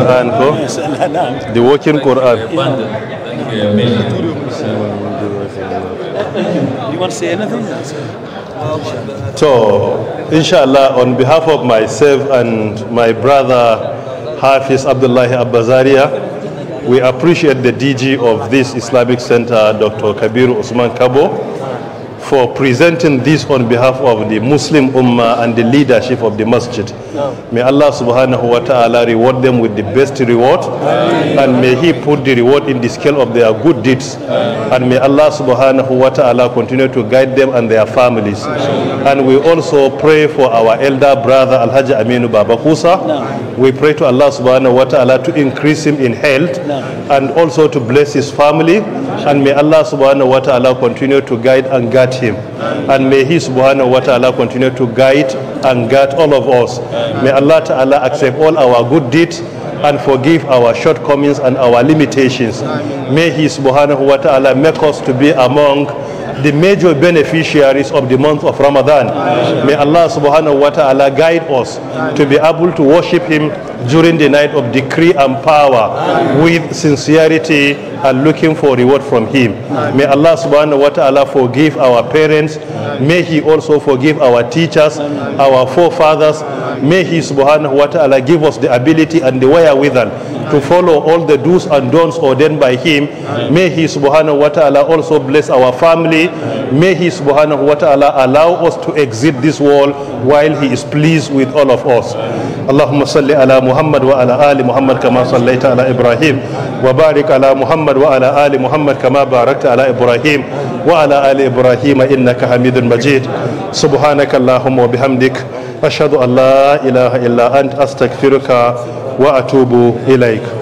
Quran ko? The working Quran. So, inshallah, on behalf of myself and my brother Hafiz Abdullahi Abbazaria, we appreciate the DG of this Islamic Center, Dr. Kabir Usman Kabo, for presenting this on behalf of the Muslim Ummah and the leadership of the masjid. May Allah subhanahu wa ta'ala reward them with the best reward and may He put the reward in the scale of their good deeds and may Allah subhanahu wa ta'ala continue to guide them and their families. And we also pray for our elder brother Al-Hajj Aminu Baba Kusa. We pray to Allah subhanahu wa ta'ala to increase him in health and also to bless his family and may Allah subhanahu wa ta'ala continue to guide and guide him. And may He subhanahu wa ta'ala continue to guide and guard all of us. May Allah ta'ala accept all our good deeds and forgive our shortcomings and our limitations. May He subhanahu wa ta'ala make us to be among the major beneficiaries of the month of Ramadan. May Allah subhanahu wa ta'ala guide us to be able to worship Him during the night of decree and power with sincerity and looking for reward from Him. May Allah subhanahu wa ta'ala forgive our parents May He also forgive our teachers, our forefathers. May He subhanahu wa ta'ala give us the ability and the wherewithal to follow all the do's and don'ts ordained by Him. May He subhanahu wa ta'ala also bless our family. May He subhanahu wa ta'ala allow us to exit this world while He is pleased with all of us. اللهم صل على محمد وعلى آل محمد كما صليت على إبراهيم وبارك على محمد وعلى آل محمد كما باركت على إبراهيم وعلى آل إبراهيم إنك حميد مجيد سبحانك اللهم وبحمدك أشهد أن لا إله إلا أنت أستغفرك وأتوب إليك